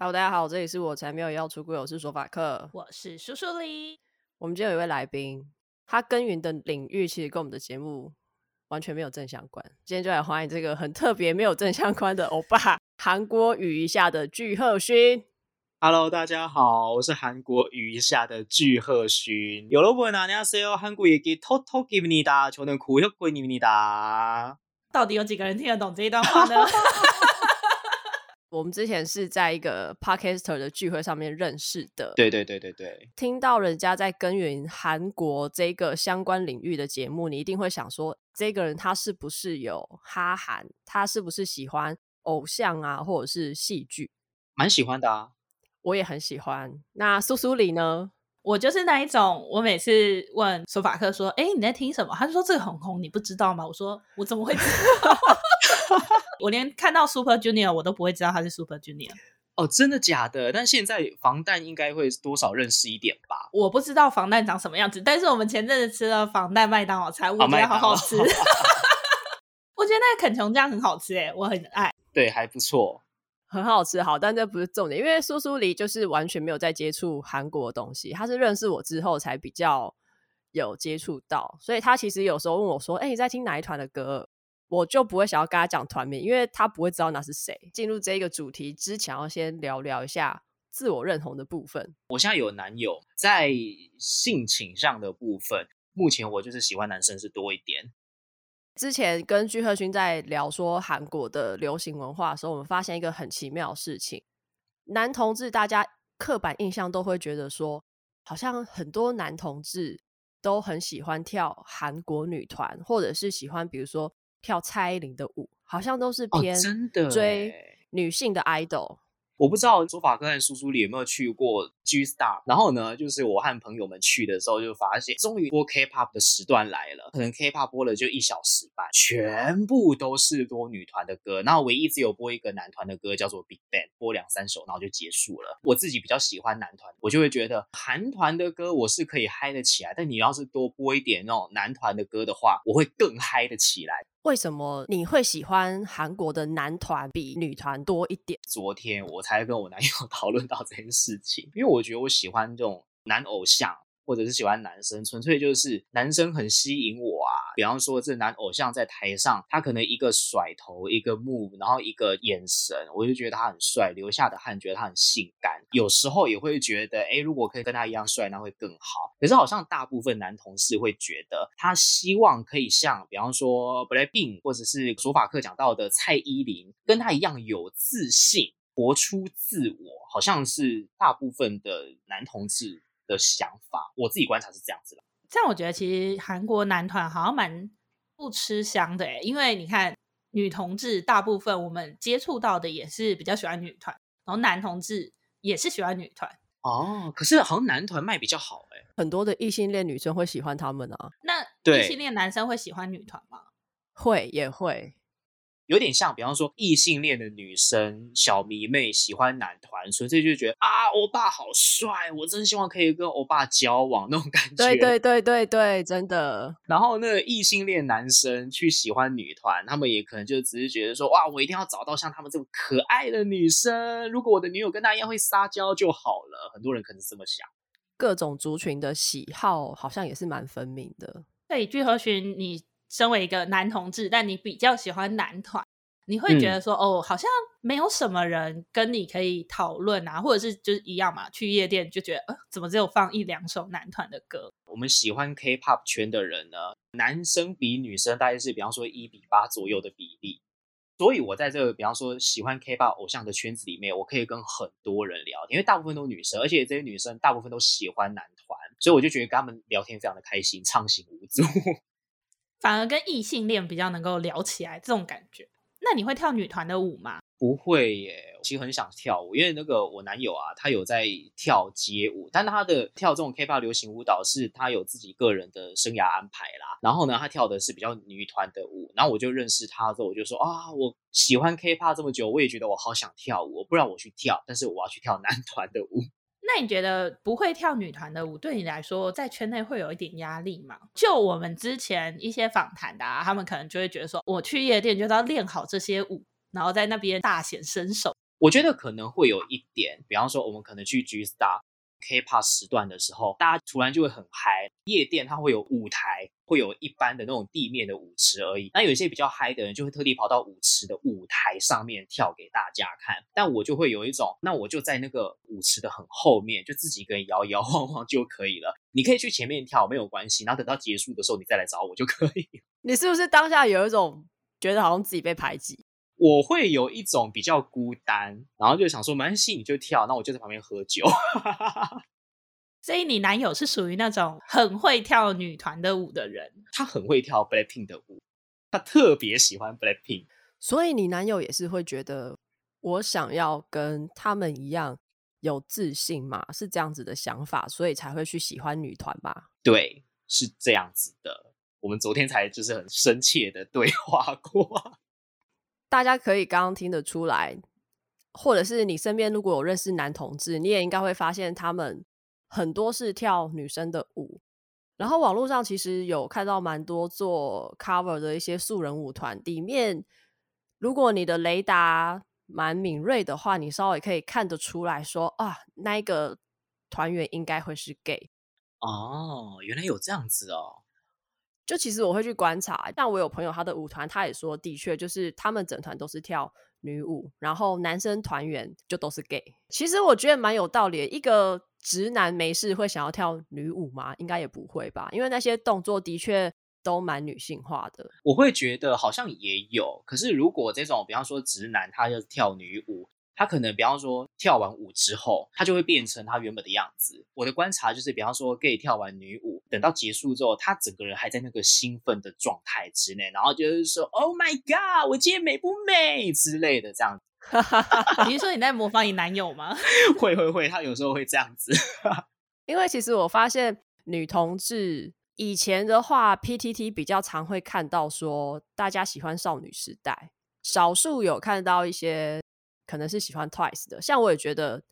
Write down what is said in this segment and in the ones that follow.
Hello，大家好，這裡是我才沒有要出櫃有事，我是說法克，我是蘇蘇麗。我們今天有一位來賓，他耕耘的領域其實跟我們的節目完全沒有正相關。今天就來歡迎這個很特別、沒有正相關的歐巴——韓國語一下的具赫勳。Hello，大家好，我是韓國語一下的具赫勳。有了我哪裡要死哦？韓國也給偷偷給你的，求能哭又跪你你打。到底有幾個人聽得懂這一段話呢？ 我們之前是在一個 podcaster 的聚會上面認識的。對對對對對。聽到人家在耕耘韓國這個相關領域的節目，你一定會想說，這個人他是不是有哈韓？他是不是喜歡偶像啊，或者是戲劇？蠻喜歡的啊。我也很喜歡。那蘇蘇裡呢？我就是那一種，我每次問蘇法克說：“哎，你在聽什麼？”他就說：“這個很紅，你不知道嗎？”我說：“我怎麼會知道？” 我連看到 Super Junior 我都不會知道他是 Super Junior。哦，真的假的？但現在防彈應該會多少認識一點吧？我不知道防彈長什麼樣子，但是我們前陣子吃了防彈麥當勞菜，我覺得好好吃。好 我覺得那個肯瓊醬很好吃，哎，我很愛。對，還不錯，很好吃。好，但這不是重點，因為蘇蘇黎就是完全沒有在接觸韓國的東西，他是認識我之後才比較有接觸到，所以他其實有時候問我說：“哎、欸，你在聽哪一團的歌？”我就不會想要跟他講團名，因為他不會知道那是誰。進入這一個主題之前，要先聊聊一下自我認同的部分。我現在有男友，在性傾向的部分，目前我就是喜歡男生是多一點。之前跟具赫勳在聊說韓國的流行文化的時候，我們發現一個很奇妙的事情：男同志大家刻板印象都會覺得說，好像很多男同志都很喜歡跳韓國女團，或者是喜歡比如說。跳蔡依林的舞，好像都是偏追女性的 idol。我、哦、不知道卓法哥和蘇蘇里有沒有去過 G Star。然後呢，就是我和朋友們去的時候，就發現終於播 K Pop 的時段來了。可能 K Pop 播了就一小時半，全部都是播女團的歌。然後唯一只有播一個男團的歌，叫做 Big Bang，播兩三首，然後就結束了。我自己比較喜歡男團，我就會覺得韓團的歌我是可以嗨得起來。但你要是多播一點那種男團的歌的話，我會更嗨得起來。為什麼你會喜歡韓國的男團比女團多一點？昨天我才跟我男友討論到這件事情，因為我覺得我喜歡這種男偶像，或者是喜歡男生，純粹就是男生很吸引我啊。比方說，這男偶像在台上，他可能一個甩頭，一個 move，然後一個眼神，我就覺得他很帥，流下的汗，覺得他很性感。有時候也會覺得，哎，如果可以跟他一樣帥，那會更好。可是好像大部分男同志會覺得，他希望可以像，比方說 b BLACKPINK 或者是索法克講到的蔡依林，跟他一樣有自信，活出自我，好像是大部分的男同志的想法。我自己觀察是這樣子的。但我覺得，其實韓國男團好像蠻不吃香的哎，因為你看，女同志大部分我們接觸到的也是比較喜歡女團，然後男同志也是喜歡女團哦。可是好像男團賣比較好哎，很多的異性戀女生會喜歡他們啊。那異性戀男生會喜歡女團嗎？對會，也會。有點像，比方說異性戀的女生小迷妹喜歡男團，所以就覺得啊，歐巴好帥，我真希望可以跟歐巴交往那種感覺。對對對對對，真的。然後那個異性戀男生去喜歡女團，他們也可能就只是覺得說，哇，我一定要找到像他們這種可愛的女生，如果我的女友跟她一樣會撒嬌就好了。很多人可能這麼想。各種族群的喜好好像也是蠻分明的。對，聚合群你。身為一個男同志，但你比較喜歡男團，你會覺得說、嗯、哦，好像沒有什麼人跟你可以討論啊，或者是就是一樣嘛。去夜店就覺得，呃，怎麼只有放一兩首男團的歌？我們喜歡 K-pop 圈的人呢，男生比女生大概是比方說一比八左右的比例，所以我在這個比方說喜歡 K-pop 偶像的圈子裡面，我可以跟很多人聊天，因為大部分都是女生，而且這些女生大部分都喜歡男團，所以我就覺得跟他們聊天非常的開心，暢行無阻。反而跟異性戀比較能夠聊起來，這種感覺。那你會跳女團的舞嗎？不會耶，我其實很想跳舞，因為那個我男友啊，他有在跳街舞，但他的跳這種 K-pop 流行舞蹈是他有自己個人的生涯安排啦。然後呢，他跳的是比較女團的舞。然後我就認識他之後，我就說啊，我喜歡 K-pop 這麼久，我也覺得我好想跳舞，不然我去跳，但是我要去跳男團的舞。那你覺得不會跳女團的舞，對你來說在圈內會有一點壓力嗎？就我們之前一些訪談的、啊，他們可能就會覺得說，我去夜店就要練好這些舞，然後在那邊大顯身手。我覺得可能會有一點，比方說我們可能去 G Star，K-pop 時段的時候，大家突然就會很嗨。夜店它會有舞台，會有一般的那種地面的舞池而已。那有一些比較嗨的人，就會特地跑到舞池的舞台上面跳給大家看。但我就會有一種，那我就在那個舞池的很後面，就自己一個人搖搖晃晃就可以了。你可以去前面跳，沒有關係。然後等到結束的時候，你再來找我就可以了。你是不是當下有一種覺得好像自己被排擠？我會有一種比較孤單，然後就想說，沒關係，你你就跳，那我就在旁邊喝酒。 所以你男友是屬於那種很會跳女團的舞的人，他很會跳 BLACKPINK 的舞，他特別喜歡 BLACKPINK。所以你男友也是會覺得我想要跟他們一樣有自信嘛，是這樣子的想法，所以才會去喜歡女團吧？對，是這樣子的。我們昨天才就是很深切的對話過。大家可以剛剛聽得出來，或者是你身邊如果有認識男同志，你也應該會發現他們很多是跳女生的舞。然後網絡上其實有看到蠻多做 cover 的一些素人舞團，裡面如果你的雷達蠻敏銳的話，你稍微可以看得出來說啊，那一個團員應該會是 gay。哦，原來有這樣子哦。就其實我會去觀察，但我有朋友，他的舞團他也說，的確就是他們整團都是跳女舞，然後男生團員就都是 gay。其實我覺得蠻有道理的，一個直男沒事會想要跳女舞嗎？應該也不會吧，因為那些動作的確都蠻女性化的。我會覺得好像也有，可是如果這種比方說直男，他就跳女舞。他可能比方說跳完舞之後，他就會變成他原本的樣子。我的觀察就是，比方說 gay 跳完女舞，等到結束之後，他整個人還在那個興奮的狀態之內，然後就是說 “Oh my God，我今天美不美”之類的這樣子。 你是說你在模仿你男友嗎？ 會會會，他有時候會這樣子 。因為其實我發現女同志以前的話，PTT 比較常會看到說大家喜歡少女時代，少數有看到一些。可能是喜歡 Twice 的，像我也覺得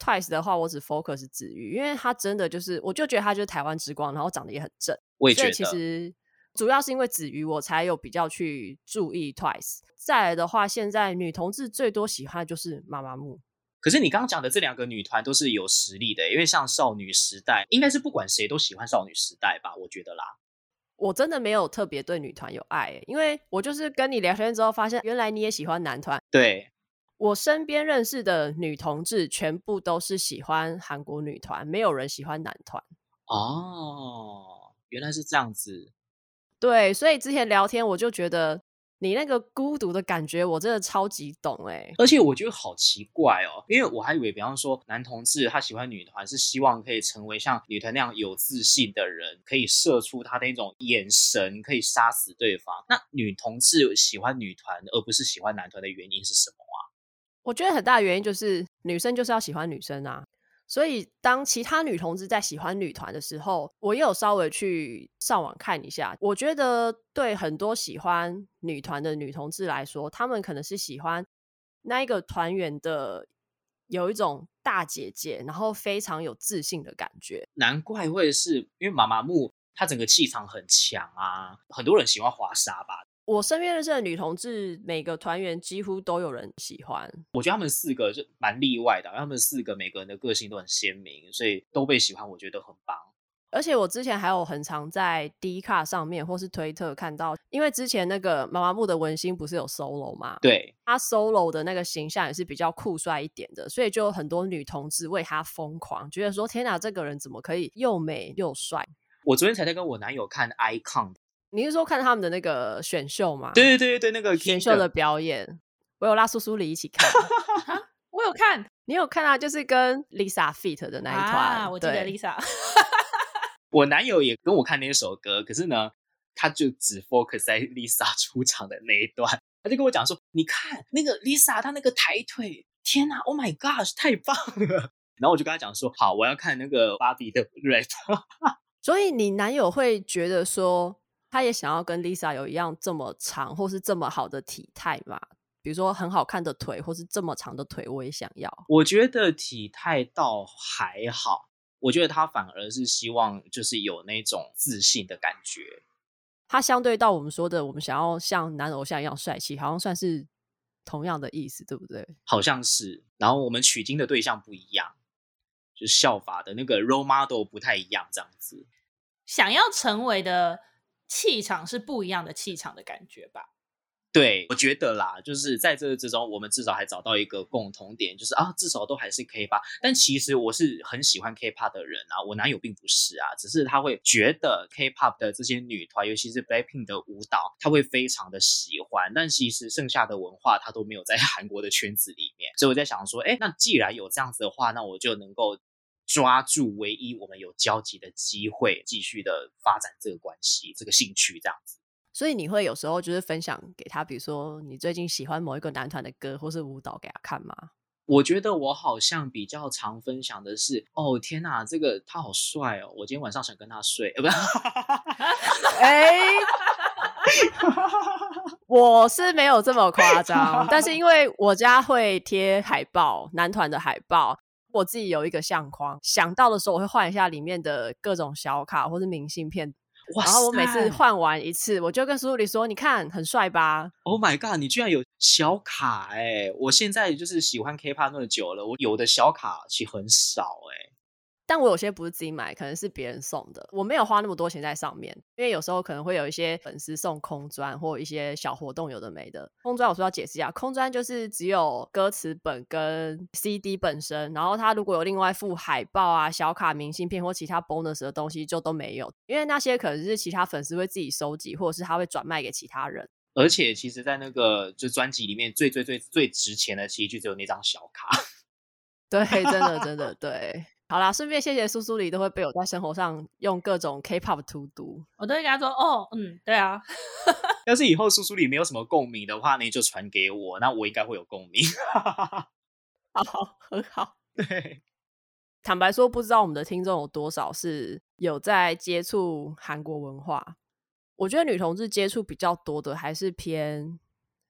Twice 的話，我只 focus 子瑜，因為她真的就是，我就覺得她就是台灣之光，然後長得也很正。我也覺得。所以其實主要是因為子瑜，我才有比較去注意 Twice。再來的話，現在女同志最多喜歡的就是媽媽木。可是你剛剛講的這兩個女團都是有實力的，因為像少女時代，應該是不管誰都喜歡少女時代吧？我覺得啦。我真的沒有特別對女團有愛、欸，因為我就是跟你聊天之後發現，原來你也喜歡男團。對。我身邊認識的女同志全部都是喜歡韓國女團，沒有人喜歡男團。哦，原來是這樣子。對，所以之前聊天我就覺得你那個孤獨的感覺，我真的超級懂誒。而且我覺得好奇怪哦，因為我還以為，比方說男同志他喜歡女團，是希望可以成為像女團那樣有自信的人，可以射出他的那種眼神，可以殺死對方。那女同志喜歡女團而不是喜歡男團的原因是什麼啊？我覺得很大的原因就是女生就是要喜歡女生啊，所以當其他女同志在喜歡女團的時候，我也有稍微去上網看一下。我覺得對很多喜歡女團的女同志來說，她們可能是喜歡那一個團員的有一種大姐姐，然後非常有自信的感覺。難怪會。是因為媽媽木她整個氣場很強啊，很多人喜歡華莎吧。我身邊的這女同志，每個團員幾乎都有人喜歡。我覺得他們四個是蠻例外的，他們四個每個人的個性都很鮮明，所以都被喜歡，我覺得很棒。而且我之前還有很常在 Dcard 上面或是推特看到，因為之前那個媽媽木的文星不是有 solo 嘛？對，他 solo 的那個形象也是比較酷帥一點的，所以就有很多女同志為他瘋狂，覺得說天哪，這個人怎麼可以又美又帥？我昨天才在跟我男友看 Icon。你是說看他們的那個選秀嗎？對對對對，那個選秀的表演，我有拉蘇蘇里一起看， 我有看， 你有看到、啊、就是跟 Lisa fit 的那一團、啊，我記得 Lisa。對 我男友也跟我看那首歌，可是呢，他就只 focus 在 Lisa 出場的那一段，他就跟我講說：“你看那個 Lisa，她那個抬腿，天吶、啊、，Oh my gosh，太棒了。 ”然後我就跟他講說：“好，我要看那個芭比的 Red 。”所以你男友會覺得說。他也想要跟 Lisa 有一樣這麼長，或是這麼好的體態嘛？比如說很好看的腿，或是這麼長的腿，我也想要。我覺得體態倒還好，我覺得他反而是希望就是有那種自信的感覺。他相對到我們說的，我們想要像男偶像一樣帥氣，好像算是同樣的意思，對不對？好像是。然後我們取經的對象不一樣，就效法的那個 role model 不太一樣，這樣子。想要成為的。氣場是不一樣的氣場的感覺吧？對，我覺得啦，就是在這之中，我們至少還找到一個共同點，就是啊，至少都還是 K-pop。但其實我是很喜歡 K-pop 的人啊，我男友並不是啊，只是他會覺得 K-pop 的這些女團，尤其是 BLACKPINK 的舞蹈，他會非常的喜歡。但其實剩下的文化，他都沒有在韓國的圈子裡面。所以我在想說，哎，那既然有這樣子的話，那我就能夠。抓住唯一我們有交集的機會，繼續的發展這個關係，這個興趣這樣子。所以你會有時候就是分享給他，比如說你最近喜歡某一個男團的歌或是舞蹈給他看嗎？我覺得我好像比較常分享的是，哦天哪，這個他好帥哦，我今天晚上想跟他睡。不是，哎、 欸，我是沒有這麼誇張， 但是因為我家會貼海報，男團的海報。我自己有一個相框，想到的時候我會換一下裡面的各種小卡或者明信片，哇塞，然後我每次換完一次，我就跟蘇里說：“你看，很帥吧？”Oh my God！你居然有小卡欸！我現在就是喜歡 K-pop 那麼久了，我有的小卡其實很少欸。但我有些不是自己買，可能是別人送的。我沒有花那麼多錢在上面，因為有時候可能會有一些粉絲送空專或一些小活動有的沒的。空專我說要解釋一下，空專就是只有歌詞本跟 CD 本身，然後它如果有另外附海報啊、小卡、明信片或其他 bonus 的東西就都沒有，因為那些可能是其他粉絲會自己收集，或者是他會轉賣給其他人。而且其實，在那個就專輯裡面最最最最值錢的，其實就只有那張小卡。 對，真的真的對。好啦，順便謝謝蘇蘇里，都會被我在生活上用各種 K-pop 荼毒，我都會跟他說哦，嗯，對啊。 要是以後蘇蘇里沒有什麼共鳴的話，呢，就傳給我，那我應該會有共鳴。 好，好，很好。對，坦白說，不知道我們的聽眾有多少是有在接觸韓國文化。我覺得女同志接觸比較多的還是偏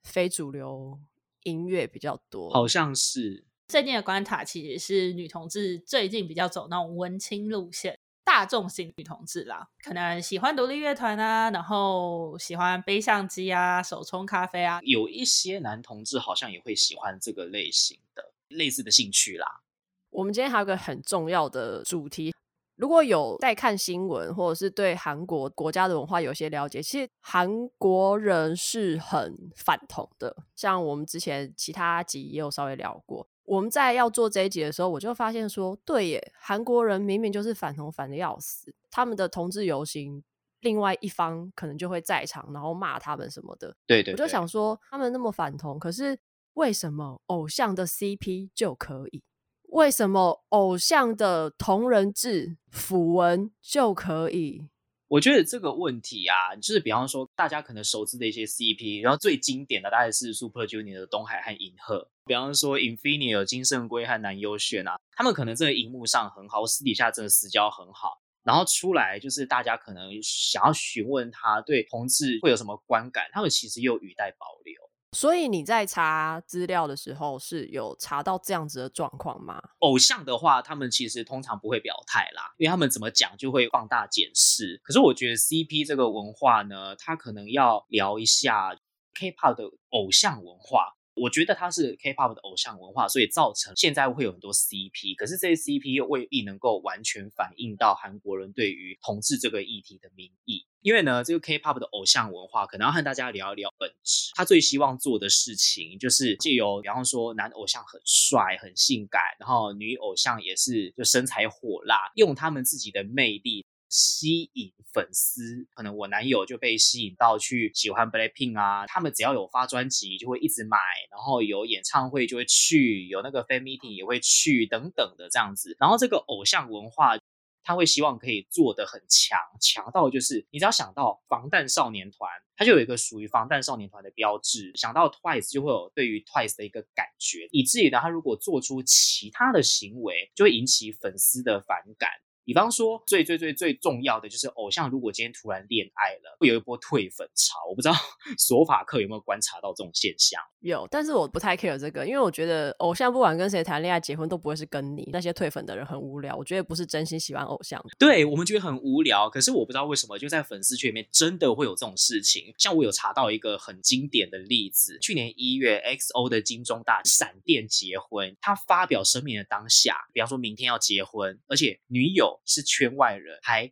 非主流音樂比較多，好像是。最近的關卡其實是女同志最近比較走那種文青路線，大眾型女同志啦，可能喜歡獨立樂團啊，然後喜歡背相機啊，手沖咖啡啊。有一些男同志好像也會喜歡這個類型的，類似的興趣啦。我們今天還有一個很重要的主題，如果有在看新聞或者是對韓國國家的文化有些了解，其實韓國人是很反同的。像我們之前其他集也有稍微聊過。我們在要做這一集的時候，我就發現說，對耶，韓國人明明就是反同反得要死，他們的同志遊行，另外一方可能就會在場，然後罵他們什麼的。對，對對。我就想說，他們那麼反同，可是為什麼偶像的 CP 就可以？為什麼偶像的同人志、腐文就可以？我覺得這個問題啊，就是比方說大家可能熟知的一些 CP，然後最經典的大概是 Super Junior 的東海和銀赫。比方說，Infinite、金聖圭和南優鉉啊，他們可能真的在熒幕上很好，私底下真的私交很好。然後出來就是大家可能想要詢問他對同志會有什麼觀感，他們其實又語帶保留。所以你在查資料的時候是有查到這樣子的狀況嗎？偶像的話，他們其實通常不會表態啦，因為他們怎麼講就會放大解釋。可是我覺得 CP 這個文化呢，他可能要聊一下 K-pop 的偶像文化。我覺得他是 K-pop 的偶像文化，所以造成現在會有很多 CP，可是這些 CP 又未必能夠完全反映到韓國人對於同志這個議題的民意。因為呢，這個 K-pop 的偶像文化可能要和大家聊一聊本質。他最希望做的事情就是借由比方說男偶像很帥很性感，然後女偶像也是就身材火辣，用他們自己的魅力。吸引粉絲，可能我男友就被吸引到去喜歡 BLACKPINK 啊，他們只要有發專輯就會一直買，然後有演唱會就會去，有那個 fan meeting 也會去等等的這樣子。然後這個偶像文化，他會希望可以做得很強，強到就是你只要想到防彈少年團，他就有一個屬於防彈少年團的標志；想到 TWICE 就會有對於 TWICE 的一個感覺，以至於呢他如果做出其他的行為，就會引起粉絲的反感。比方說，最最最最重要的就是偶像，如果今天突然戀愛了，會有一波退粉潮。我不知道索法克有沒有觀察到這種現象。有，但是我不太 care 這個，因為我覺得偶像不管跟誰談戀愛、結婚都不會是跟你。那些退粉的人很無聊，我覺得不是真心喜歡偶像的。對，我們覺得很無聊，可是我不知道為什麼，就在粉絲群裡面真的會有這種事情。像我有查到一個很經典的例子，去年一月，X O 的金鐘大閃電結婚，他發表聲明的當下，比方說明天要結婚，而且女友是圈外人，還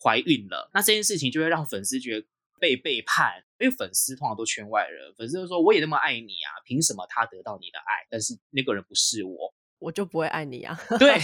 懷孕了，那這件事情就會讓粉絲覺得被背叛。因為粉絲通常都圈外人，粉絲就說，我也那麼愛你啊，憑什麼他得到你的愛，但是那個人不是我，我就不會愛你啊。 對，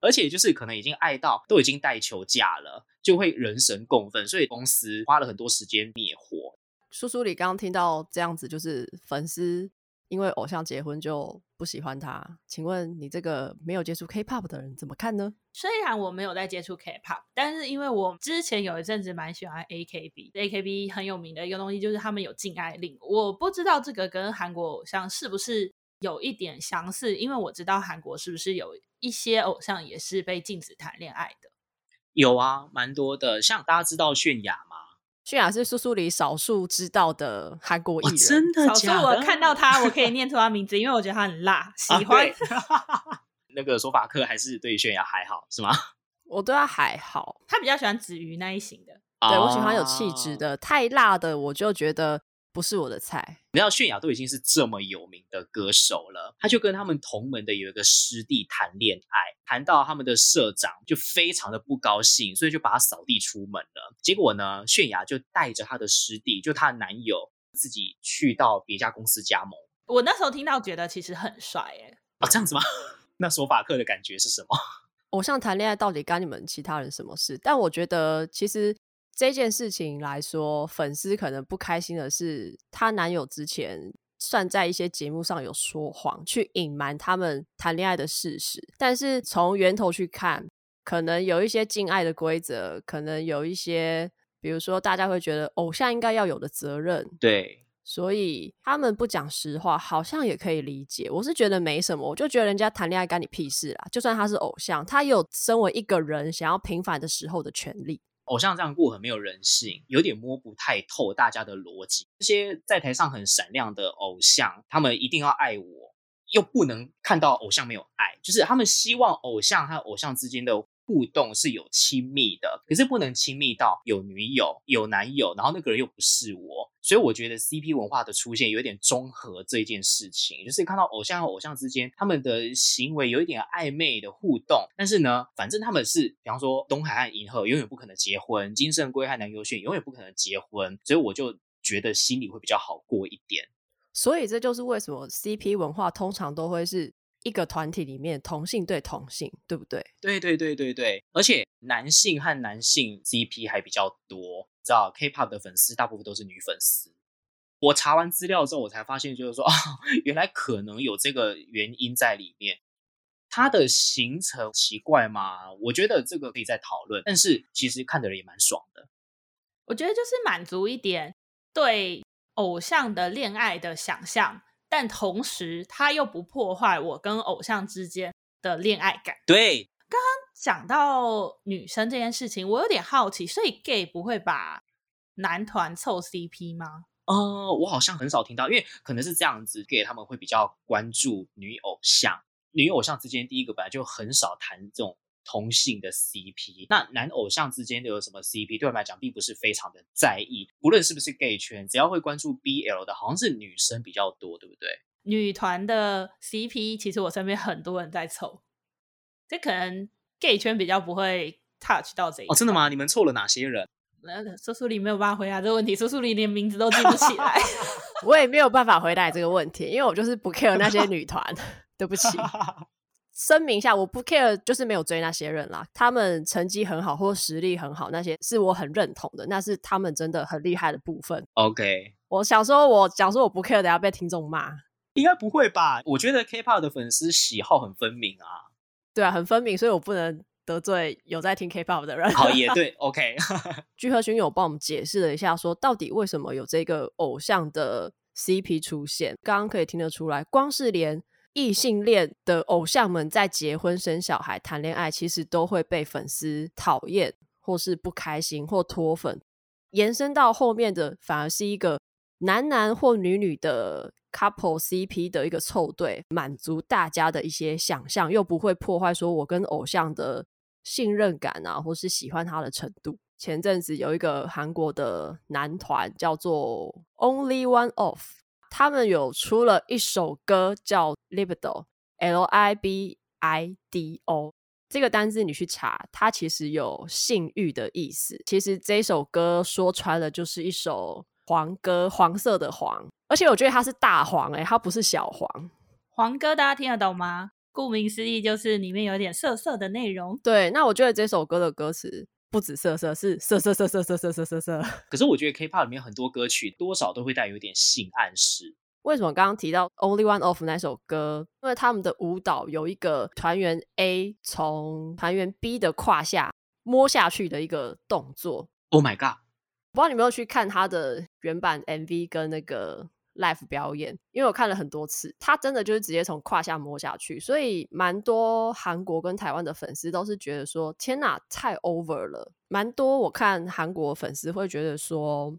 而且就是可能已經愛到都已經帶球嫁了，就會人神共憤，所以公司花了很多時間滅火。叔叔，你剛剛聽到這樣子，就是粉絲。因為偶像結婚就不喜歡他，請問你這個沒有接觸 K-pop 的人怎麼看呢？雖然我沒有在接觸 K-pop，但是因為我之前有一陣子蠻喜歡 AKB，AKB 很有名的一個東西就是他們有禁愛令，我不知道這個跟韓國偶像是不是有一點相似？因為我知道韓國是不是有一些偶像也是被禁止談戀愛的？有啊，蠻多的，像大家知道泫雅嗎？泫雅是叔叔裡少數知道的韓國藝人，哦，真的。少數我看到他， 我可以念出他名字，因為我覺得他很辣，喜歡。啊、 那個說法克還是對泫雅還好，是嗎？我對她還好，他比較喜歡子瑜那一型的，哦、對，我喜歡有氣質的，太辣的我就覺得。不是我的菜。你知道泫雅都已經是這麼有名的歌手了，她就跟他們同門的有一個師弟談戀愛，談到他們的社長就非常的不高興，所以就把他掃地出門了。結果呢，泫雅就帶着她的師弟，就她的男友自己去到別家公司加盟。我那時候聽到覺得其實很帥耶。啊、哦，這樣子嗎？那說法客的感覺是什麼？偶、哦、像談戀愛到底干你們其他人什麼事？但我覺得其實。這件事情來說，粉絲可能不開心的是，她男友之前算在一些節目上有說謊，去隱瞞他們談戀愛的事實。但是從源頭去看，可能有一些敬愛的規則，可能有一些，比如說大家會覺得偶像應該要有的責任。對，所以他們不講實話，好像也可以理解。我是覺得沒什麼，我就覺得人家談戀愛干你屁事啦。就算他是偶像，他也有身為一個人想要平凡的時候的權利。偶像這樣過很沒有人性，有點摸不太透大家的邏輯。這些在台上很閃亮的偶像，他們一定要愛我，又不能看到偶像沒有愛，就是他們希望偶像和偶像之間的，互動是有親密的，可是不能親密到有女友、有男友，然後那個人又不是我，所以我覺得 CP 文化的出現有點綜合這件事情，就是看到偶像和偶像之間他們的行為有一點曖昧的互動，但是呢，反正他們是，比方說東海和銀赫永遠不可能結婚，金聖圭和南優铉永遠不可能結婚，所以我就覺得心裡會比較好過一點。所以這就是為什麼 CP 文化通常都會是。一個團體裡面同性對同性，對不對？對對對對對，而且男性和男性 CP 還比較多，知道 K-pop 的粉絲大部分都是女粉絲。我查完資料之後，我才發現就是說，哦，原來可能有這個原因在裡面。他的行程奇怪嗎？我覺得這個可以再討論，但是其實看的人也蠻爽的。我覺得就是滿足一點對偶像的戀愛的想象。但同時，他又不破壞我跟偶像之間的戀愛感。對，剛剛講到女生這件事情，我有點好奇，所以 gay 不會把男團湊 CP 嗎？呃、哦，我好像很少聽到，因為可能是這樣子，gay 他們會比較關注女偶像，女偶像之間第一個本來就很少談這種。同性的 CP，那男偶像之間都有什麼 CP？對我們來講，並不是非常的在意。不論是不是 gay 圈，只要會關注 BL 的，好像是女生比較多，對不對？女團的 CP，其實我身邊很多人在湊，這可能 gay 圈比較不會 touch 到這一。哦，真的嗎？你們湊了哪些人？蘇蘇、呃、里沒有辦法回答這個問題，蘇蘇里連名字都記不起來， 我也沒有辦法回答這個問題，因為我就是不 care 那些女團， 對不起。聲明一下，我不 care，就是沒有追那些人啦。他們成績很好或者實力很好，那些是我很認同的，那是他們真的很厲害的部分。OK，我想說我，假如說我不 care，等下被聽眾罵，應該不會吧？我覺得 K-pop 的粉絲喜好很分明啊，對啊，很分明，所以我不能得罪有在聽 K-pop 的人。好，也對。OK， 具赫勳幫我們解釋了一下說，說到底為什麼有這個偶像的 CP 出現。剛剛可以聽得出來，光是連。異性戀的偶像們在結婚、生小孩、談戀愛，其實都會被粉絲討厭，或是不開心，或脫粉。延伸到後面的，反而是一個男男或女女的 couple CP 的一個湊對，滿足大家的一些想象，又不會破壞說我跟偶像的信任感啊，或是喜歡他的程度。前陣子有一個韓國的男團叫做 OnlyOneOf，他們有出了一首歌叫。Libido，L-I-B-I-D-O，這個單字你去查，它其實有性欲的意思。其實這首歌說穿了就是一首黃歌，黃色的黃。而且我覺得它是大黃、欸，哎，它不是小黃。黃歌大家聽得懂嗎？顧名思義，就是裡面有點色色的內容。對，那我覺得這首歌的歌詞不止色色，是色色色色色色色色。可是我覺得 K-pop 裡面很多歌曲多少都會帶有點性暗示。為什麼剛剛提到 Only One Of 那首歌？因為他們的舞蹈有一個團員 A 從團員 B 的胯下摸下去的一個動作。Oh my god！我不知道你有沒有去看他的原版 MV 跟那個 live 表演？因為我看了很多次，他真的就是直接從胯下摸下去，所以蠻多韓國跟台灣的粉絲都是覺得說：天哪，太 over 了！蠻多我看韓國的粉絲會覺得說。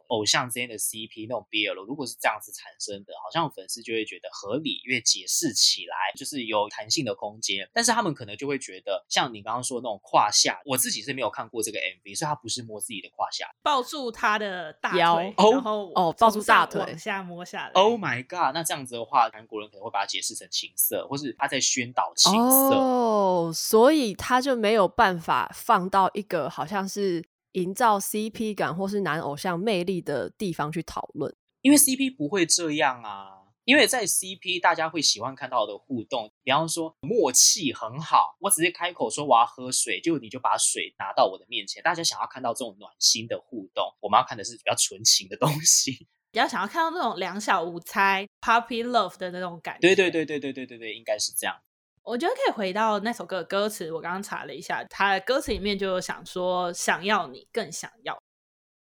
偶、哦、像之間的 CP 那種 BL。如果是這樣子產生的，好像粉絲就會覺得合理，越解釋起來就是有彈性的空間。但是他們可能就會覺得，像你剛剛說那種胯下，我自己是沒有看過這個 MV，所以他不是摸自己的胯下，抱住他的大腿，要然後哦，然後哦抱住大腿往下摸下來。Oh my god，那這樣子的話，韓國人可能會把它解釋成情色，或是他在宣導情色。哦，oh, 所以他就沒有辦法放到一個好像是營造 CP 感或是男偶像魅力的地方去討論，因為 CP 不會這樣啊，因為在 CP 大家會喜歡看到的互動，比方說默契很好，我直接開口說我要喝水，就你就把水拿到我的面前。大家想要看到這種暖心的互動，我們要看的是比較純情的東西，比較想要看到那種兩小無猜、puppy love 的那種感覺。對對對對對對對，應該是這樣。我覺得可以回到那首歌的歌詞，我剛剛查了一下，它歌詞裡面就有想說想要你更想要。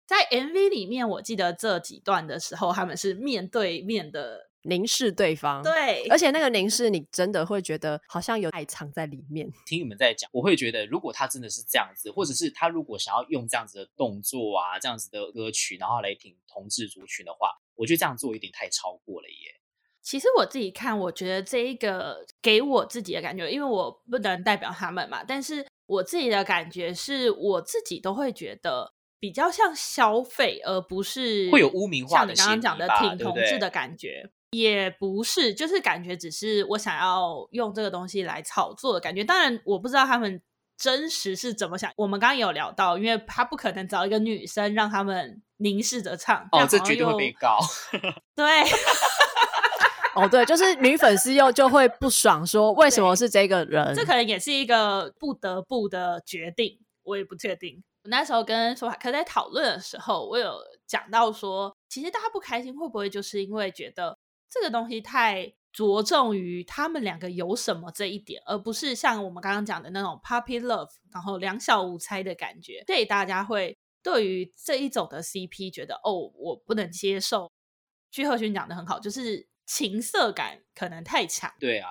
在 MV 裡面，我記得這幾段的時候，他們是面對面的凝視對方。對，而且那個凝視，你真的會覺得好像有愛藏在裡面。聽你們在講，我會覺得如果他真的是這樣子，或者是他如果想要用這樣子的動作啊，這樣子的歌曲，然後來挺同志族群的話，我覺得這樣做有點太超過了耶。其實我自己看，我覺得這一個給我自己的感覺，因為我不能代表他們嘛。但是我自己的感覺是，我自己都會覺得比較像消費，而不是會有污名化的心理吧。像你剛剛講的挺同志的感覺，對不對？也不是，就是感覺只是我想要用這個東西來炒作的感覺。當然，我不知道他們真實是怎麼想。我們剛剛也有聊到，因為他不可能找一個女生讓他們凝視着唱，哦，這絕對會被告。對。 哦，對，就是女粉絲又就會不爽，說為什麼是這個人？這可能也是一個不得不的決定，我也不確定。我那時候跟舒海可在討論的時候，我有講到說，其實大家不開心會不會就是因為覺得這個東西太着重於他們兩個有什麼這一點，而不是像我們剛剛講的那種 puppy love，然後兩小無猜的感覺，所以大家會對於這一種的 CP 覺得哦，我不能接受。具赫勳講的很好，就是。情色感可能太強，對啊，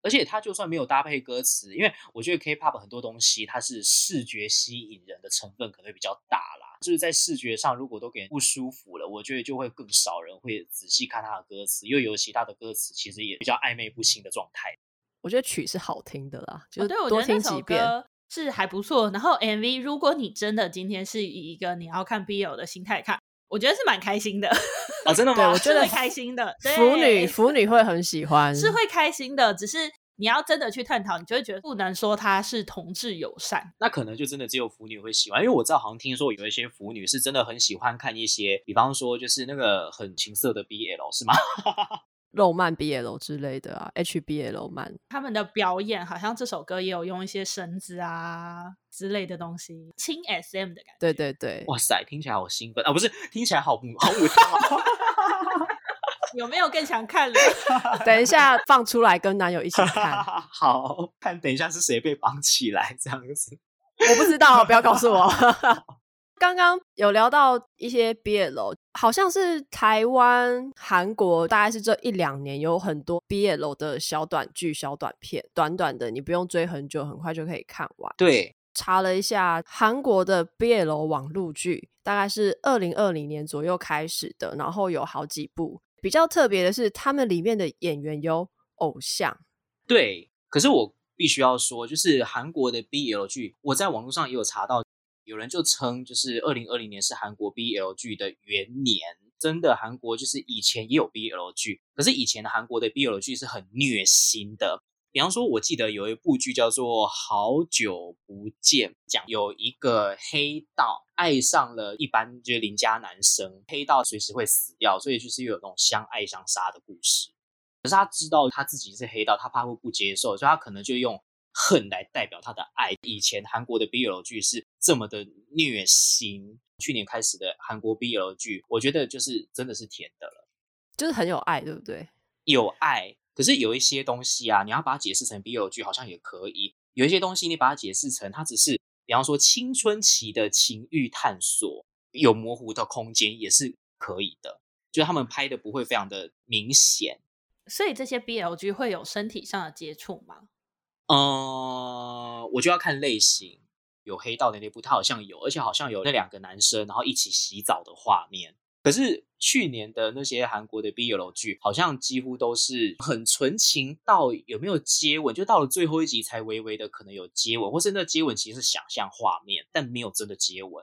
而且他就算沒有搭配歌詞，因為我覺得 K-pop 很多東西，它是視覺吸引人的成分可能會比較大啦，就是在視覺上如果都給人不舒服了，我覺得就會更少人會仔細看他的歌詞，又尤其他的歌詞其實也比較曖昧不清的狀態。我覺得曲是好聽的啦，就哦、對，我覺得多聽幾歌是還不錯。然後 MV，如果你真的今天是以一個你要看 b b o 的心態看。我覺得是蠻開心的，啊、哦，真的嗎，嗎？ 對我覺得是開心的，腐女，腐對女會很喜歡，是會開心的，只是你要真的去探討，你就會覺得不能說他是同志友善，那可能就真的只有腐女會喜歡，因為我知道好像聽說有一些腐女是真的很喜歡看一些，比方說就是那個很情色的 BL 是嗎？ 肉漫 B L 之類的啊，H B L 漫，他們的表演好像這首歌也有用一些繩子啊之類的東西，輕 S M 的感覺。對對對，哇塞，聽起來好興奮啊！不是，聽起來好無…好無聊啊。 有沒有更想看的？ 等一下放出來跟男友一起看， 好看。等一下是誰被綁起來這樣子？ 我不知道，不要告訴我。 剛剛有聊到一些 BL，好像是台灣、韓國，大概是這一兩年有很多 BL 的小短劇、小短片，短短的，你不用追很久，很快就可以看完。對，查了一下韓國的 BL 網絡劇，大概是二零二零年左右開始的，然後有好幾部。比較特別的是，他們裡面的演員有偶像。對，可是我必須要說，就是韓國的 BL 劇，我在網絡上也有查到。有人就稱，就是二零二零年是韓國 BL 劇的元年。真的，韓國就是以前也有 BL 劇，可是以前的韓國的 BL 劇是很虐心的。比方說，我記得有一部劇叫做《好久不見》，講有一個黑道愛上了一般就是鄰家男生，黑道隨時會死掉，所以就是又有那種相愛相殺的故事。可是他知道他自己是黑道，他怕會不接受，所以他可能就用恨來代表他的愛。以前韓國的 BL 劇是這麼的虐心，去年開始的韓國 BL 劇我覺得就是真的是甜的了，就是很有愛，對不對？有愛，可是有一些東西啊，你要把它解釋成 BL 劇好像也可以。有一些東西，你把它解釋成它只是，比方說青春期的情欲探索，有模糊的空間也是可以的。就是他們拍的不會非常的明顯。所以這些 BL 劇會有身體上的接觸嗎？呃，uh, 我就要看類型，有黑道的那部，他好像有，而且好像有那兩個男生然後一起洗澡的畫面。可是去年的那些韓國的 BL 劇，好像幾乎都是很純情，到有沒有接吻，就到了最後一集才微微的可能有接吻，或是那接吻其實是想象畫面，但沒有真的接吻。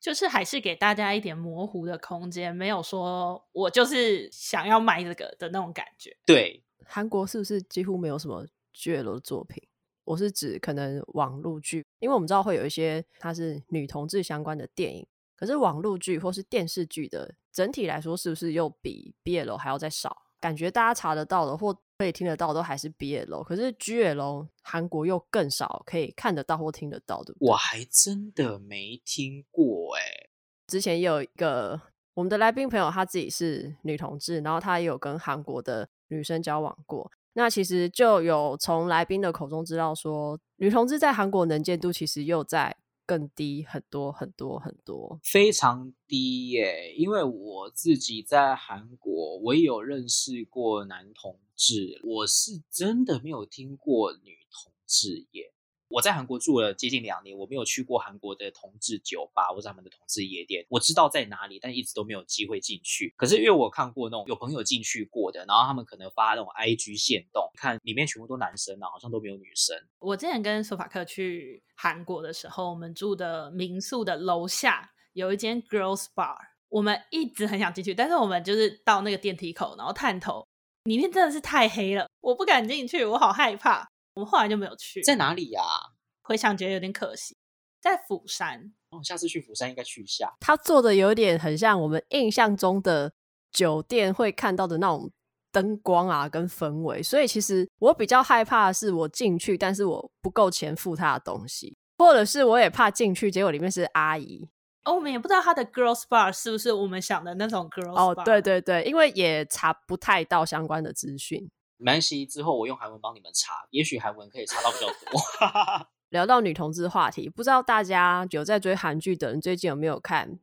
就是還是給大家一點模糊的空間，沒有說我就是想要買這個的那種感覺。對，韓國是不是幾乎沒有什麼？BL 的作品，我是指可能網絡劇，因為我們知道會有一些它是女同志相關的電影，可是網絡劇或是電視劇的整體來說，是不是又比 BL 還要再少？感覺大家查得到的或可以聽得到的都還是 BL，可是 GL 韓國又更少可以看得到或聽得到的。對對，我還真的沒聽過哎、欸嗯，之前也有一個我們的來賓朋友，他自己是女同志，然後他也有跟韓國的女生交往過。那其實就有從來賓的口中知道說，女同志在韓國能見度其實又在更低很多很多很多，很多很多非常低耶。因為我自己在韓國，我也有認識過男同志，我是真的沒有聽過女同志耶。我在韓國住了接近兩年，我沒有去過韓國的同志酒吧或者他們的同志夜店。我知道在哪裡，但一直都沒有機會進去。可是因為我看過那種有朋友進去過的，然後他們可能發那種 IG 限動，看裡面全部都男生，然後好像都沒有女生。我之前跟索法克去韓國的時候，我們住的民宿的樓下有一間 Girls Bar，我們一直很想進去，但是我們就是到那個電梯口，然後探頭，裡面真的是太黑了，我不敢進去，我好害怕。我們後來就沒有去，在哪裡呀、啊？回想，覺得有點可惜，在釜山哦。下次去釜山應該去一下。它做的有點很像我們印象中的酒店會看到的那種燈光啊，跟氛圍。所以其實我比較害怕的是，我進去，但是我不夠錢付他的東西，或者是我也怕進去，結果裡面是阿姨。哦，我們也不知道他的 girls bar 是不是我們想的那種 girls bar。哦，對對對，因為也查不太到相關的資訊。蠻稀，之後我用韓文幫你們查，也許韓文可以查到比較多。 聊到女同志話題，不知道大家有在追韓劇的人，最近有沒有看《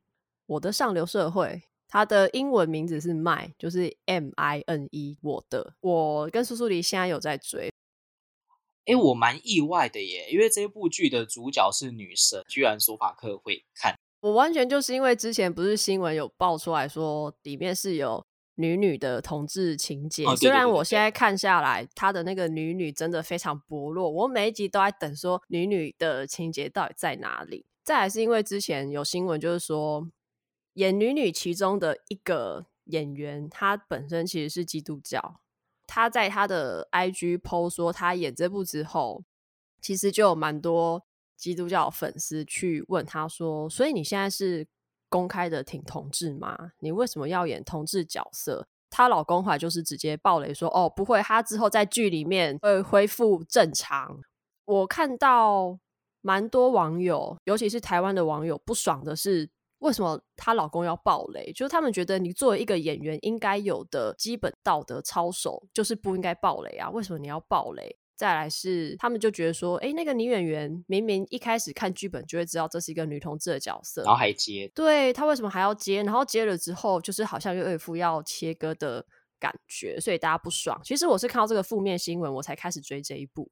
我的上流社會》？它的英文名字是 Mine，就是 M I N E。我的，我跟蘇蘇黎現在有在追。哎、欸，我蠻意外的耶，因為這部劇的主角是女生，居然蘇法克會看。我完全就是因為之前不是新聞有爆出來說，裡面是有。女女的同志情結。雖然我現在看下來，她的那個女女真的非常薄弱，我每一集都在等說女女的情節到底在哪裡。再來，是因為之前有新聞，就是說演女女其中的一個演員，她本身其實是基督教，她在她的 IG PO 說她演這部之後，其實就有蠻多基督教粉絲去問她說，所以你現在是。公開的挺同志嘛？你為什麼要演同志角色？她老公還就是直接爆雷說：“哦，不會，她之後在劇裡面會恢復正常。”我看到蠻多網友，尤其是台灣的網友不爽的是，為什麼她老公要爆雷？就是他們覺得你作為一個演員應該有的基本道德操守，就是不應該爆雷啊？為什麼你要爆雷？再來是他們就覺得說，誒、欸，那個女演員明明一開始看劇本就會知道這是一個女同志的角色，然後還接。對，她為什麼還要接？然後接了之後，就是好像又有一副要切割的感覺，所以大家不爽。其實我是看到這個負面新聞，我才開始追這一部。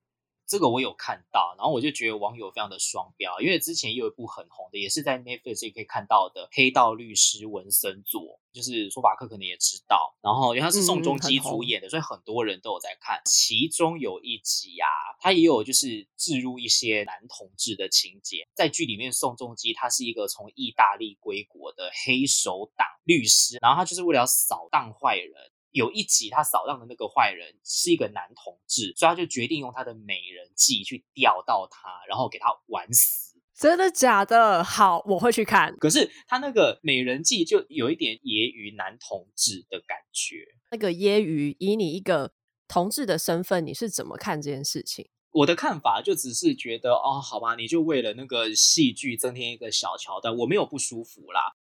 這個我有看到，然後我就覺得網友非常的雙標，因為之前有一部很紅的，也是在 Netflix 也可以看到的《黑道律師》文森佐，就是說法克可能也知道。然後因為他是宋仲基主演的，嗯、所以很多人都有在看。很紅。其中有一集啊，他也有就是置入一些男同志的情節。在劇裡面，宋仲基他是一個從意大利歸國的黑手黨律師，然後他就是為了掃蕩壞人。有一集他掃蕩的那個壞人是一個男同志，所以他就決定用他的美人計去釣到他，然後給他玩死。真的假的？好，我會去看。可是他那個美人計就有一點揶揄男同志的感覺。那個揶揄，以你一個同志的身份，你是怎麼看這件事情？我的看法就只是覺得，哦，好吧，你就為了那個戲劇增添一個小橋段，我沒有不舒服啦。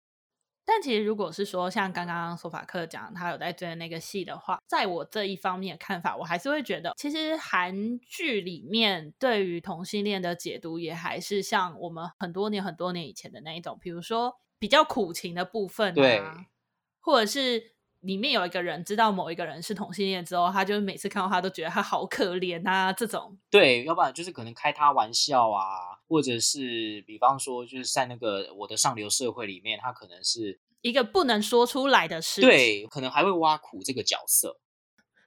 但其實，如果是說像剛剛索法克講他有在追的那個戲的話，在我這一方面的看法，我還是會覺得，其實韓劇裡面對於同性戀的解讀，也還是像我們很多年很多年以前的那一種，比如說比較苦情的部分啊，對或者是。裡面有一個人知道某一個人是同性戀之後，他就是每次看到他都覺得他好可憐啊！這種對，要不然就是可能開他玩笑啊，或者是比方說就是在那個我的上流社會裡面，他可能是一個不能說出來的事情，對，可能還會挖苦這個角色。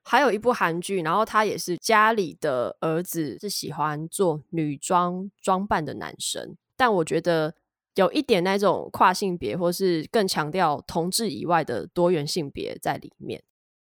還有一部韓劇，然後他也是家裡的兒子，是喜歡做女裝裝扮的男生，但我覺得。有一點那種跨性別，或是更強調同志以外的多元性別在裡面。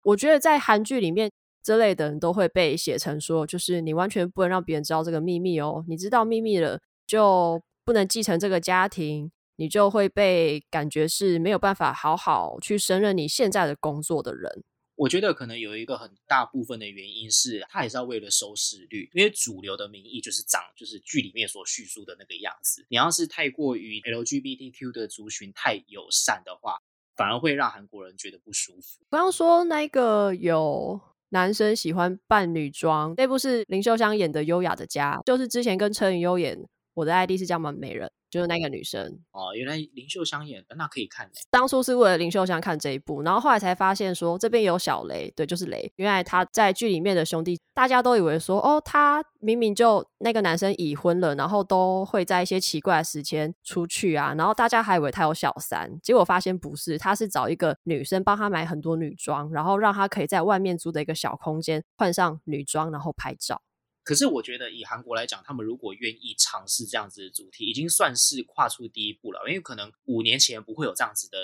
我覺得在韓劇裡面，這類的人都會被寫成說，就是你完全不能讓別人知道這個秘密哦。你知道秘密了，就不能繼承這個家庭，你就會被感覺是沒有辦法好好去勝任你現在的工作的人。我覺得可能有一個很大部分的原因是，它也是要為了收視率，因為主流的民意就是長就是劇裡面所敘述的那個樣子。你要是太過於 LGBTQ 的族群太友善的話，反而會讓韓國人覺得不舒服。剛剛說那一個有男生喜歡扮女裝，這部是林秀香演的《優雅的家》，就是之前跟車銀優演。我的 ID 是叫江南美人，就是那個女生。哦，原來林秀香演的，那可以看欸。當初是為了林秀香看這一部，然後後來才發現說這邊有小雷，對，就是雷。原來他在劇裡面的兄弟，大家都以為說，哦，他明明就那個男生已婚了，然後都會在一些奇怪的時間出去啊，然後大家還以為他有小三，結果發現不是，他是找一個女生幫他買很多女裝，然後讓他可以在外面租的一個小空間換上女裝，然後拍照。可是我覺得，以韓國來講，他們如果願意嘗試這樣子的主題，已經算是跨出第一步了。因為可能五年前不會有這樣子的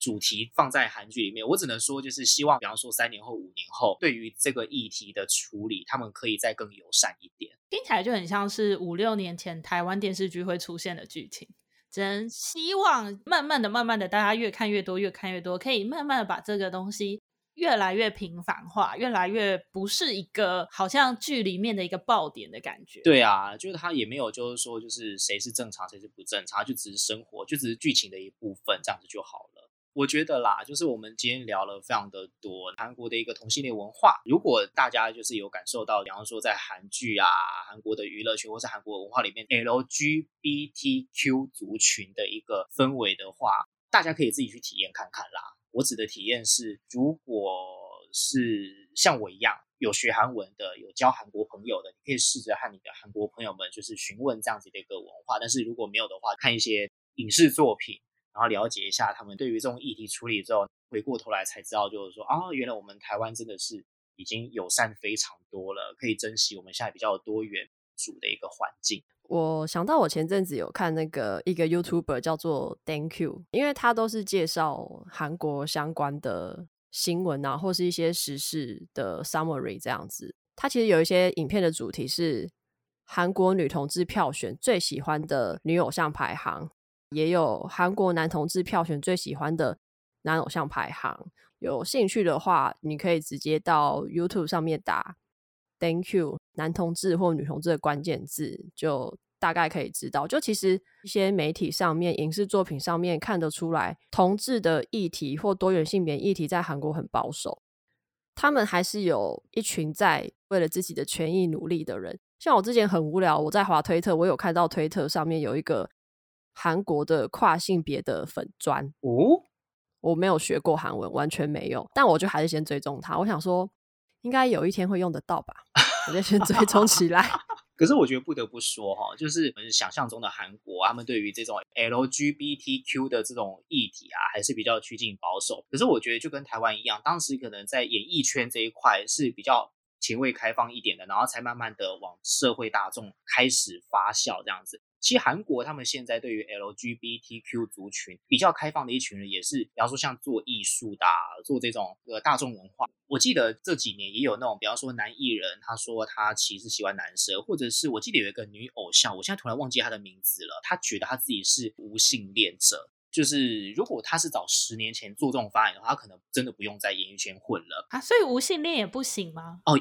主題放在韓劇裡面。我只能說，就是希望，比方說三年後、五年後，對於這個議題的處理，他們可以再更友善一點。聽起來就很像是五六年前台灣電視劇會出現的劇情。只能希望慢慢的、慢慢的，大家越看越多、越看越多，可以慢慢的把這個東西。越來越平凡化，越來越不是一個好像劇裡面的一個爆點的感覺。對啊，就是他也沒有，就是說，就是誰是正常，誰是不正常，就只是生活，就只是劇情的一部分，這樣子就好了。我覺得啦，就是我們今天聊了非常的多韓國的一個同性戀文化。如果大家就是有感受到，比方說在韓劇啊、韓國的娛樂圈或是韓國文化裡面 LGBTQ 族群的一個氛圍的話，大家可以自己去體驗看看啦。我指的體驗是，如果是像我一樣有學韓文的、有交韓國朋友的，你可以試着和你的韓國朋友們就是詢問這樣子的一個文化。但是如果沒有的話，看一些影視作品，然後了解一下他們對於這種議題處理之後，回過頭來才知道，就是說啊、哦，原來我們台灣真的是已經友善非常多了，可以珍惜我們現在比較多元主的一個環境，我想到我前陣子有看那個一個 YouTuber 叫做 Thank You，因為他都是介紹韓國相關的新聞啊，或是一些時事的 summary 這樣子。他其實有一些影片的主題是韓國女同志票選最喜歡的女偶像排行，也有韓國男同志票選最喜歡的男偶像排行。有興趣的話，你可以直接到 YouTube 上面打。Thank you，男同志或女同志的關鍵字就大概可以知道。就其實一些媒體上面、影視作品上面看得出來，同志的議題或多元性別議題在韓國很保守。他們還是有一群在為了自己的權益努力的人。像我之前很無聊，我在滑推特，我有看到推特上面有一個韓國的跨性別的粉專。哦，oh? 我沒有學過韓文，完全沒有。但我就還是先追蹤他，我想說。應該有一天會用得到吧，我得先追蹤起來。 可是我覺得不得不說哈，就是我們想象中的韓國，他們對於這種 LGBTQ 的這種議題啊，還是比較趨近保守。可是我覺得就跟台灣一樣，當時可能在演藝圈這一塊是比較前衛開放一點的，然後才慢慢的往社會大眾開始發酵這樣子。其實韓國他們現在對於 LGBTQ 族群比較開放的一群人，也是比方說像做藝術的、啊，做這種呃大眾文化。我記得這幾年也有那種比方說男藝人，他說他其實喜歡男生，或者是我記得有一個女偶像，我現在突然忘記她的名字了，她覺得她自己是無性戀者。就是如果她是早十年前做這種發言的話，她可能真的不用在演藝圈混了啊。所以無性戀也不行嗎？哦。Oh,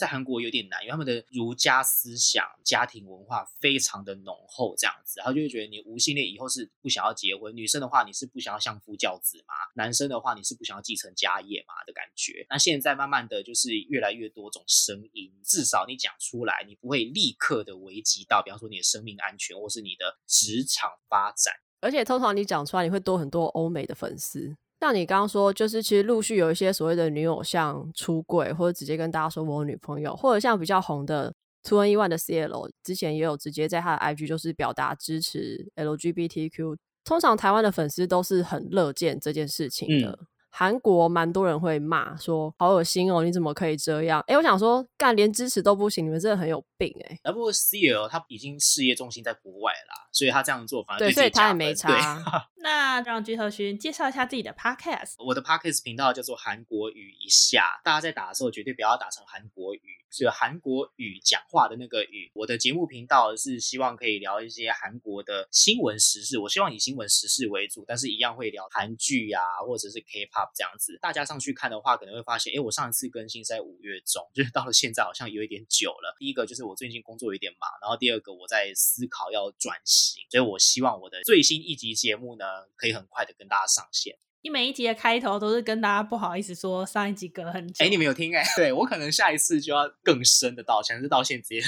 在韓國有點難，因為他們的儒家思想、家庭文化非常的濃厚，這樣子，然後就會覺得你無性戀以後是不想要結婚，女生的話你是不想要相夫教子嘛，男生的話你是不想要繼承家業嘛的感覺。那現在慢慢的就是越來越多種聲音，至少你講出來，你不會立刻的危及到，比方說你的生命安全或是你的職場發展，而且通常你講出來，你會多很多歐美的粉絲。像你剛剛說，就是其實陸續有一些所謂的女偶像出櫃，或者直接跟大家說我有女朋友，或者像比較紅的 2NE1 的 CL，之前也有直接在他的 IG 就是表達支持 LGBTQ，通常台灣的粉絲都是很樂見這件事情的。嗯韓國蠻多人會罵說好惡心哦，你怎麼可以這樣？哎、欸，我想說幹，連支持都不行，你們真的很有病哎、欸。而不過 Seo 他已經事業重心在國外啦，所以他這樣做反而對，對。所以他也沒差。對那讓具赫勳介紹一下自己的 Podcast。我的 Podcast 頻道叫做韓國語一下，大家在打的時候絕對不要打成韓國語，是韓國語講話的那個語。我的節目頻道是希望可以聊一些韓國的新聞時事，我希望以新聞時事為主，但是一樣會聊韓劇啊，或者是 K-pop。這樣子，大家上去看的話，可能會發現，哎、欸，我上一次更新是在五月中，就是到了現在好像有一點久了。第一個就是我最近工作有點忙，然後第二個我在思考要轉型，所以我希望我的最新一集節目呢，可以很快的跟大家上線。你每一集的開頭都是跟大家不好意思說上一集隔很久，哎、欸，你沒有聽、欸？哎，對，我可能下一次就要更深的道歉。是道歉直接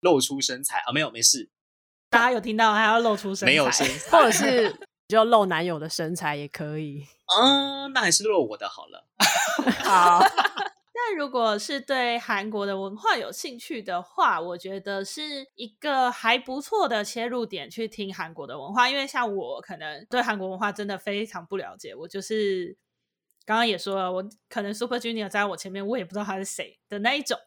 露出身材啊？沒有，沒事。大家有聽到還要露出身材？沒有，是，或者是就露男友的身材也可以。嗯，uh, 那還是錄我的好了。 好，那 如果是對韓國的文化有興趣的話，我覺得是一個還不錯的切入點去聽韓國的文化。因為像我可能對韓國文化真的非常不了解，我就是剛剛也說了，我可能 Super Junior 在我前面，我也不知道他是誰的那一種。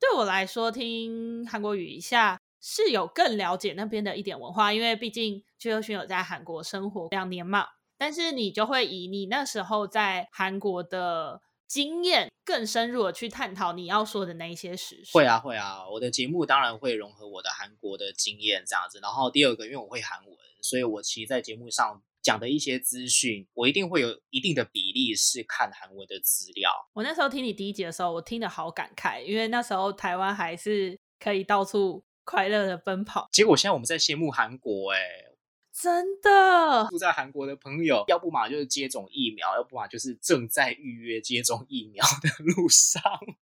對我來說，聽韓國語一下是有更了解那邊的一點文化，因為畢竟赫勳有在韓國生活兩年嘛。但是你就會以你那時候在韓國的經驗，更深入的去探討你要說的那些事實。會啊，會啊，我的節目當然會融合我的韓國的經驗這樣子。然後第二個，因為我會韓文，所以我其實在節目上講的一些資訊，我一定會有一定的比例是看韓文的資料。我那時候聽你第一集的時候，我聽得好感慨，因為那時候台灣還是可以到處快樂的奔跑。結果現在我們在羨慕韓國哎、欸。真的住在韓國的朋友，要不嘛就是接種疫苗，要不嘛就是正在預約接種疫苗的路上。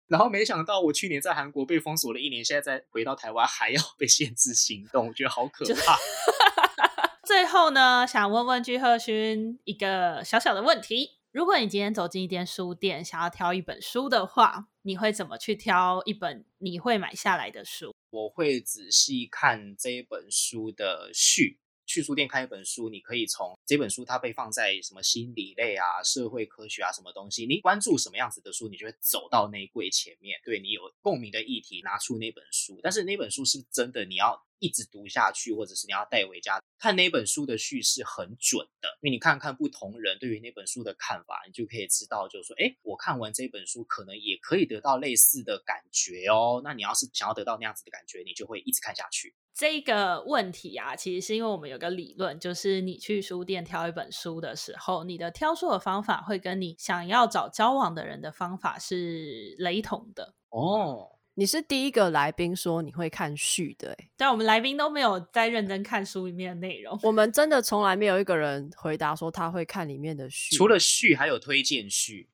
然後沒想到我去年在韓國被封鎖了一年，現在再回到台灣還要被限制行動，我覺得好可怕。 最後呢，想問問具赫勳一個小小的問題：如果你今天走進一間書店，想要挑一本書的話，你會怎麼去挑一本你會買下來的書？我會仔細看這本書的序。去書店看一本書，你可以從這本書它被放在什麼心理類啊、社會科學啊、什麼東西，你關注什麼樣子的書，你就會走到那櫃前面，對你有共鳴的議題，拿出那本書。但是那本書是真的，你要。一直讀下去，或者是你要帶回家看那本書的敘事很準的，因為你看看不同人對於那本書的看法，你就可以知道，就是說，哎，我看完這本書可能也可以得到類似的感覺哦。那你要是想要得到那樣子的感覺，你就會一直看下去。這個問題啊，其實是因為我們有個理論，就是你去書店挑一本書的時候，你的挑書的方法會跟你想要找交往的人的方法是雷同的哦。你是第一個來賓說你會看序對、欸，但我們來賓都沒有在認真看書裡面的內容。 我們真的從來沒有一個人回答說他會看裡面的序，除了序還有推薦序。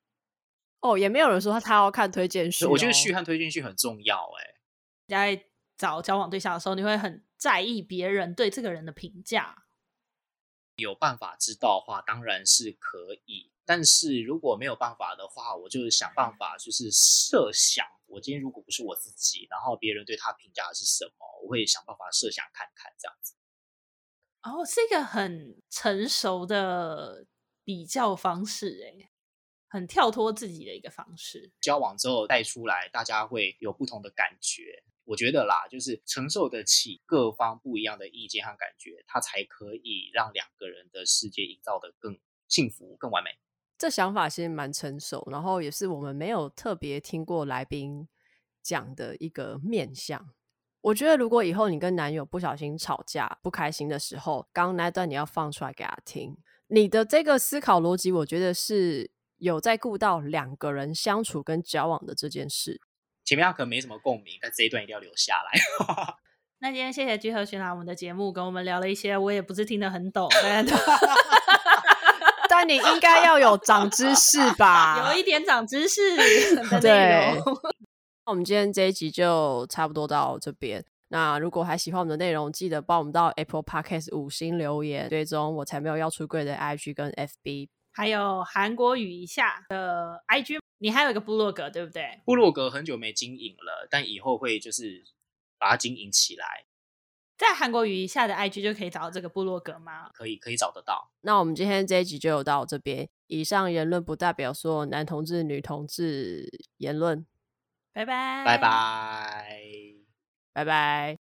哦，也沒有人說他要看推薦序、喔。我覺得序和推薦序很重要哎、欸。在找交往對象的時候，你會很在意別人對這個人的評價。有辦法知道的話，當然是可以；但是如果沒有辦法的話，我就是想辦法，就是設想。我今天如果不是我自己，然後別人對他評價的是什麼，我會想辦法設想看看這樣子。哦，是一個很成熟的比較方式，誒，很跳脫自己的一個方式。交往之後帶出來，大家會有不同的感覺。我覺得啦，就是承受得起各方不一樣的意見和感覺，它才可以讓兩個人的世界營造得更幸福、更完美。這想法其實蠻成熟，然後也是我們沒有特別聽過來賓講的一個面向。我覺得如果以後你跟男友不小心吵架，不開心的時候，剛那段你要放出來給他聽，你的這個思考邏輯，我覺得是有在顧到兩個人相處跟交往的這件事。前面可能沒什麼共鳴，但這一段一定要留下來。 那今天謝謝具赫勳來我們的節目，跟我們聊了一些，我也不是聽得很懂。 那你應該要有長知識吧， 有一點長知識 對， 我們今天這一集就差不多到這邊。那如果還喜歡我們的內容，記得幫我們到 Apple Podcast 五星留言，追蹤我才沒有要出櫃的 IG 跟 FB，還有韓國語一下的 IG。你還有個部落格對不對？部落格很久沒經營了，但以後會就是把它經營起來。在韓國語一下的 IG 就可以找到這個部落格嗎？可以，可以找得到。那我們今天這一集就到這邊。以上言論不代表說男同志、女同志言論。拜拜，拜拜 bye，拜拜。